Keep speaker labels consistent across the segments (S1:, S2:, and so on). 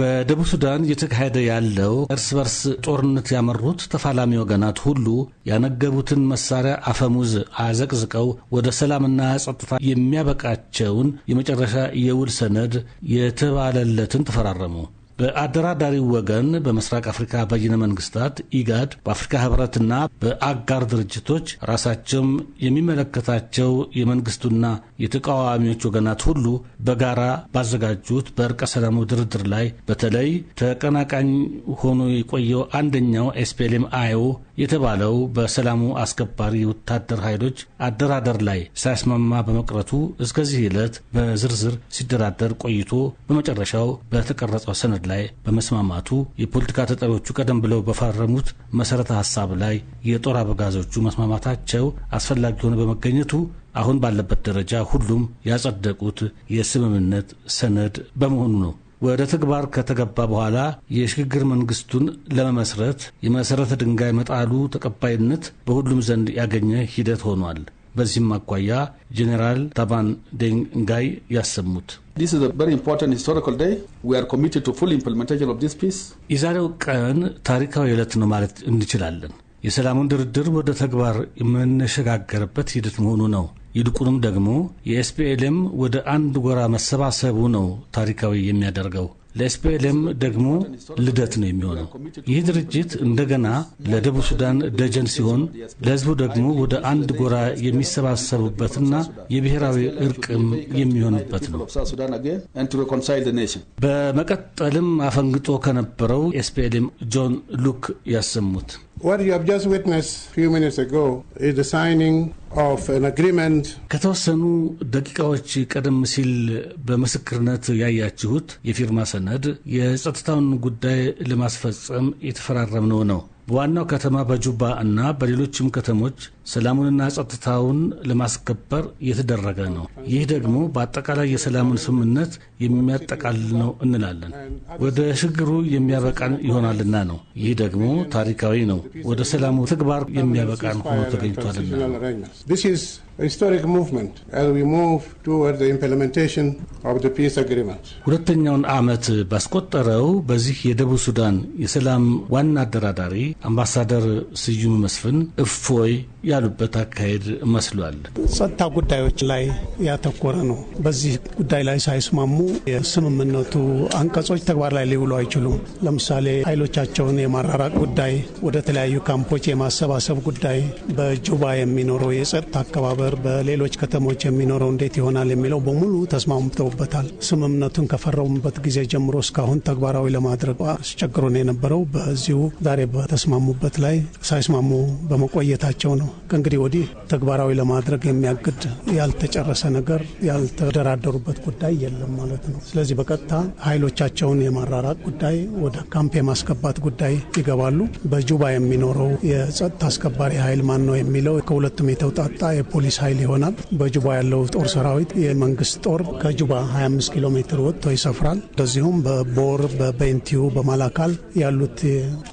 S1: በደቡብ ሱዳን እየተካሄደ ያለው እርስ በርስ ጦርነት ያመሩት ተፋላሚ ወገናት ሁሉ ያነገቡትን መሳሪያ አፈሙዝ አዘቅዝቀው ወደ ሰላምና ጸጥታ የሚያበቃቸውን የመጨረሻ የውል ሰነድ የተባለለትን ተፈራረሙ። በአደራዳሪው ወገን በምስራቅ አፍሪካ በይነ መንግስታት ኢጋድ፣ በአፍሪካ ህብረትና በአጋር ድርጅቶች ራሳቸውም የሚመለከታቸው የመንግስቱና የተቃዋሚዎች ወገናት ሁሉ በጋራ ባዘጋጁት በእርቀ ሰላሙ ድርድር ላይ በተለይ ተቀናቃኝ ሆኖ የቆየው አንደኛው ኤስፔሌም አዮ የተባለው በሰላሙ አስከባሪ ወታደር ኃይሎች አደራደር ላይ ሳያስማማ በመቅረቱ እስከዚህ ዕለት በዝርዝር ሲደራደር ቆይቶ በመጨረሻው በተቀረጸው ሰነድ ላይ በመስማማቱ የፖለቲካ ተጠሪዎቹ ቀደም ብለው በፈረሙት መሰረተ ሀሳብ ላይ የጦር አበጋዞቹ መስማማታቸው አስፈላጊ ሆነ በመገኘቱ አሁን ባለበት ደረጃ ሁሉም ያጸደቁት የስምምነት ሰነድ በመሆኑ ነው። ወደ ተግባር ከተገባ በኋላ የሽግግር መንግስቱን ለመመስረት የመሰረተ ድንጋይ መጣሉ ተቀባይነት በሁሉም ዘንድ ያገኘ ሂደት ሆኗል። በዚህም አኳያ ጄኔራል ታባን ዴንጋይ ያሰሙት This is a very important historical day. We are committed to full implementation of this peace. የዛሬው ቀን ታሪካዊ ዕለት ነው ማለት እንችላለን። የሰላሙን ድርድር ወደ ተግባር የምንሸጋገርበት ሂደት መሆኑ ነው። ይልቁንም ደግሞ የኤስፒኤልም ወደ አንድ ጎራ መሰባሰቡ ነው ታሪካዊ የሚያደርገው። ለኤስፒኤልኤም ደግሞ ልደት ነው የሚሆነው። ይህ ድርጅት እንደገና ለደቡብ ሱዳን ደጀን ሲሆን ለህዝቡ ደግሞ ወደ አንድ ጎራ የሚሰባሰቡበትና የብሔራዊ እርቅም የሚሆንበት ነው። በመቀጠልም አፈንግጦ ከነበረው ኤስፒኤልኤም ጆን ሉክ ያሰሙት ከተወሰኑ ደቂቃዎች ቀደም ሲል በምስክርነት ያያችሁት የፊርማ ሰነድ የጸጥታውን ጉዳይ ለማስፈጸም የተፈራረምነው ነው። በዋናው ከተማ በጁባ እና በሌሎችም ከተሞች ሰላሙንና ጸጥታውን ለማስከበር እየተደረገ ነው። ይህ ደግሞ በአጠቃላይ የሰላሙን ስምምነት የሚያጠቃልል ነው እንላለን። ወደ ሽግሩ የሚያበቃን ይሆናልና ነው። ይህ ደግሞ ታሪካዊ ነው። ወደ ሰላሙ ተግባር
S2: የሚያበቃን ሆኖ ተገኝቷልና ነው።
S1: ሁለተኛውን ዓመት ባስቆጠረው በዚህ የደቡብ ሱዳን የሰላም ዋና አደራዳሪ አምባሳደር ስዩም መስፍን እፎይ ያሉበት አካሄድ መስሏል።
S2: ጸጥታ ጉዳዮች ላይ ያተኮረ ነው። በዚህ ጉዳይ ላይ ሳይስማሙ የስምምነቱ አንቀጾች ተግባር ላይ ሊውሉ አይችሉም። ለምሳሌ ኃይሎቻቸውን የማራራቅ ጉዳይ፣ ወደ ተለያዩ ካምፖች የማሰባሰብ ጉዳይ፣ በጁባ የሚኖረው የጸጥታ አከባበር ችግር በሌሎች ከተሞች የሚኖረው እንዴት ይሆናል የሚለው በሙሉ ተስማምተውበታል። ስምምነቱን ከፈረሙበት ጊዜ ጀምሮ እስካሁን ተግባራዊ ለማድረግ አስቸግሮን የነበረው በዚሁ ዛሬ በተስማሙበት ላይ ሳይስማሙ በመቆየታቸው ነው። ከእንግዲህ ወዲህ ተግባራዊ ለማድረግ የሚያግድ ያልተጨረሰ ነገር ያልተደራደሩበት ጉዳይ የለም ማለት ነው። ስለዚህ በቀጥታ ኃይሎቻቸውን የማራራቅ ጉዳይ፣ ወደ ካምፕ የማስገባት ጉዳይ ይገባሉ። በጁባ የሚኖረው የጸጥታ አስከባሪ ኃይል ማን ነው የሚለው ከሁለቱም የተውጣጣ የፖሊስ ኃይል ይሆናል። በጁባ ያለው ጦር ሰራዊት የመንግስት ጦር ከጁባ 25 ኪሎ ሜትር ወጥቶ ይሰፍራል። እንደዚሁም በቦር በቤንቲዩ በማላካል ያሉት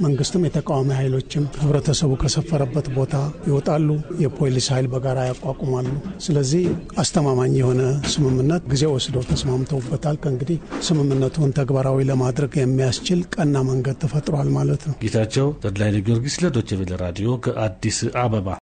S2: መንግስትም የተቃዋሚ ኃይሎችም ህብረተሰቡ ከሰፈረበት ቦታ ይወጣሉ። የፖሊስ ኃይል በጋራ ያቋቁማሉ። ስለዚህ አስተማማኝ የሆነ ስምምነት ጊዜ ወስዶ ተስማምተውበታል። ከእንግዲህ ስምምነቱን ተግባራዊ ለማድረግ የሚያስችል ቀና መንገድ ተፈጥሯል ማለት ነው።
S1: ጌታቸው ተድላይ ጊዮርጊስ ለዶቼ ቬለ ራዲዮ ከአዲስ አበባ